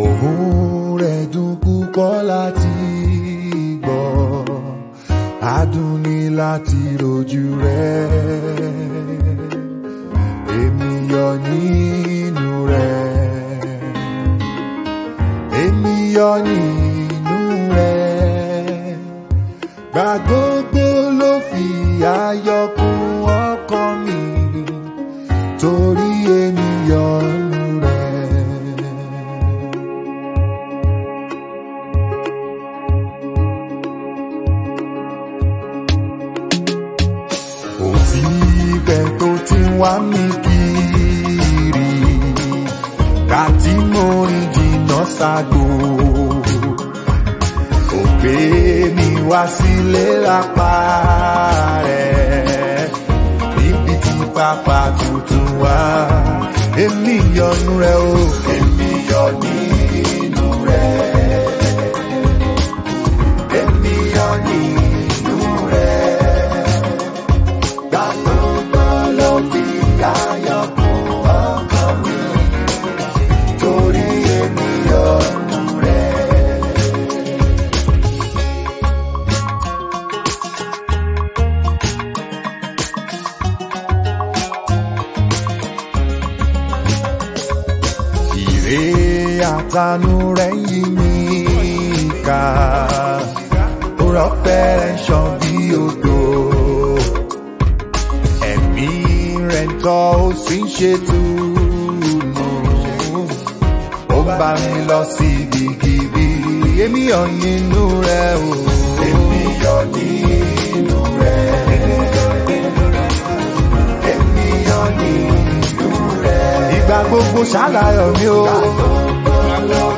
ohùn rẹ̀ dùn púpọ̀ láti gbọ́ adùn ni láti rojú rẹ̀ èmi yọ nínú rẹ̀ èmi yọ nínú rẹ̀ gbàgbọ́. síbẹ̀ tó ti ń wá mi kiri ká tí mo rìn jìnnà ságo kò gbé mi wá sílé lápá rẹ̀ níbi tí pápá tuntun wá èmi yọnu rẹ o èmi yọ ní. ìtanú rẹ̀ ń yí mi ká ó rọ́pẹ́ rẹ̀ ń ṣàn bí odò ẹ̀mí rẹ̀ ń tọ́ ó sì ń ṣètùnú ó ń bá mi lọ síbi gidi èmi yọ̀ nínú rẹ̀ o èmi yọ̀ nínú rẹ̀. ìgbà gbogbo ṣàlàyé mi o.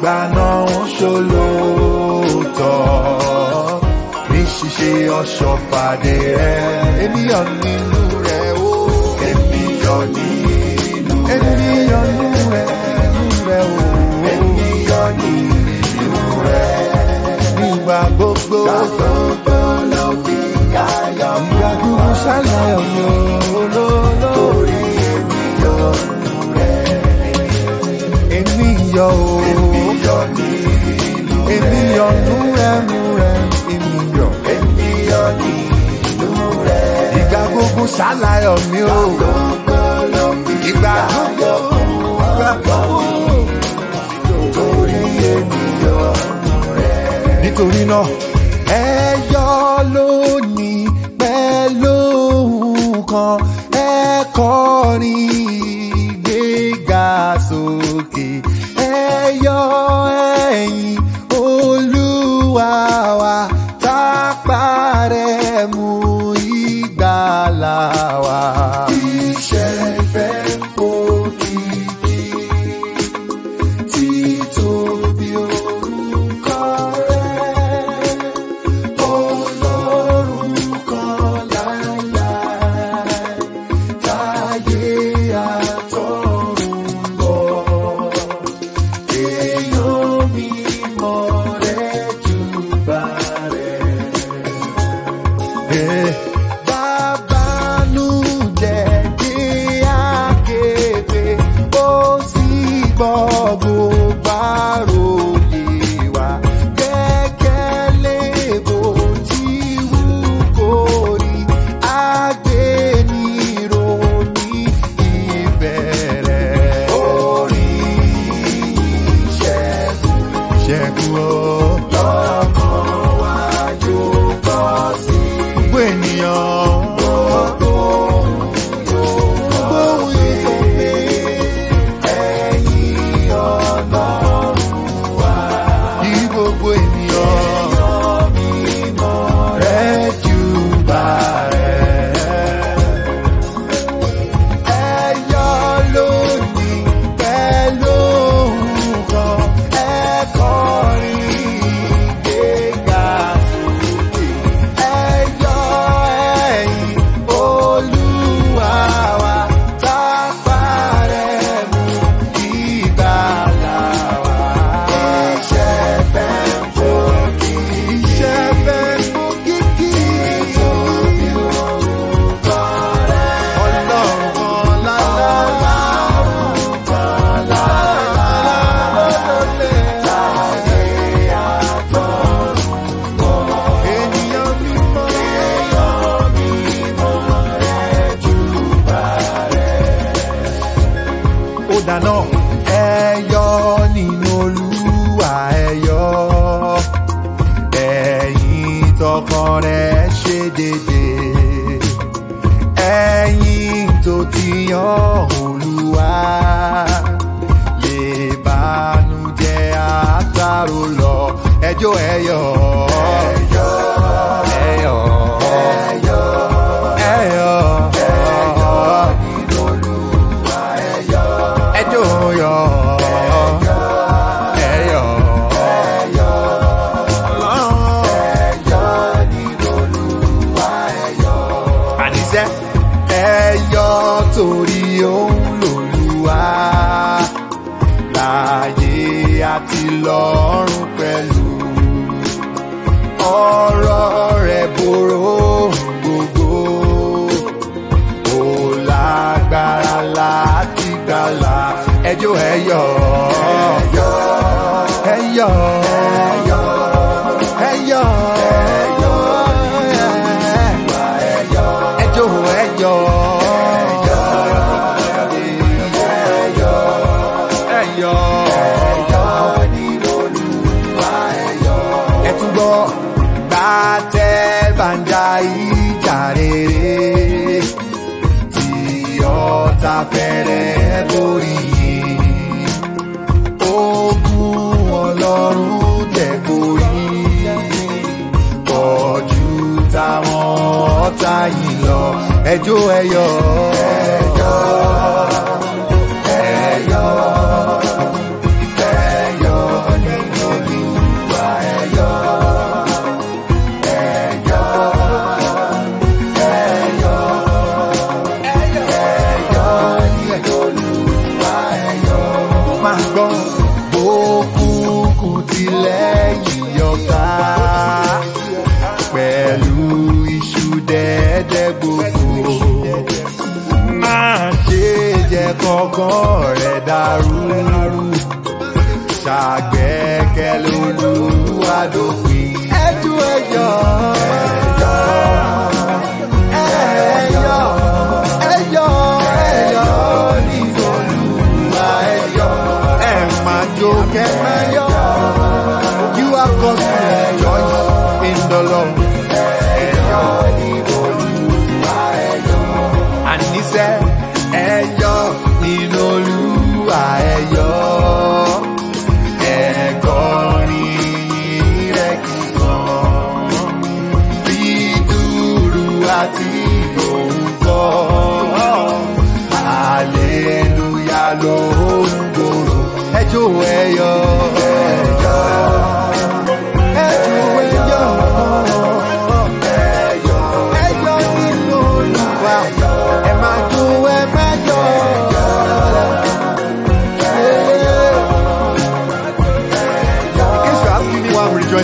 ìgbàna ṣolóòtọ́ ní ṣíṣe ọ̀ṣọ́ pàdé rẹ̀ ènìyàn nínú rẹ̀ ó. ènìyàn nínú rẹ̀ ènìyàn nínú rẹ̀ nínú rẹ̀ ó. ènìyàn nínú rẹ̀ nígbà gbogbo gbogbo ló fi káyọ̀ mú. ìyá dúró ṣàlàyé olóòlò. torí ènìyàn nínú rẹ̀ ènìyàn ó ènìyàn nú ẹnu rẹ ènìyàn ènìyàn ní ìlú rẹ ìgbà gbogbo ṣàlàyọ mi o ìgbà gbogbo ìgbà gbogbo torí ènìyàn nú rẹ. nítorí náà ẹ yọ lónìí pẹ̀lú kan ẹ kọrin ìgbéga sókè ẹ yọ ẹ̀yìn. Yeah, low. dédé ẹ̀yin tó ti yan Olúwa lè bànújẹ́ àtàrò lọ ẹjọ́ ẹ̀yọ̀. nítorí òun lòlúwa láàyè àti lọ́run pẹ̀lú ọ̀rọ̀ rẹ̀ borò gbogbo ó lágbára láti gbàlà ẹjọ́ ẹ gbọ́ gbàtẹ́ bàjá ìjà rere tí ọ̀tá fẹ́rẹ̀ borí ogun ọlọ́run tẹ̀ borí pọ̀jù táwọn ọ̀tá yìí lọ ẹjọ́ ẹ̀yọ́.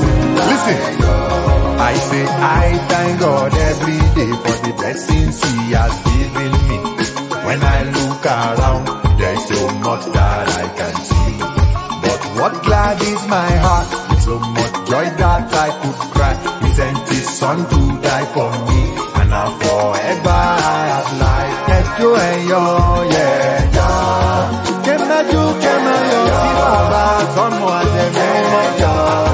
blessing. Listen. I say I thank God every day for the blessings He has given me. When I look around, there's so much that I can see. But what glad is my heart? With so much joy that I could cry. He sent His Son to die for me, and now forever I have life. Let's go and yo, yeah. yeah. Kemayo, kemayo, si baba, son moi, j'aime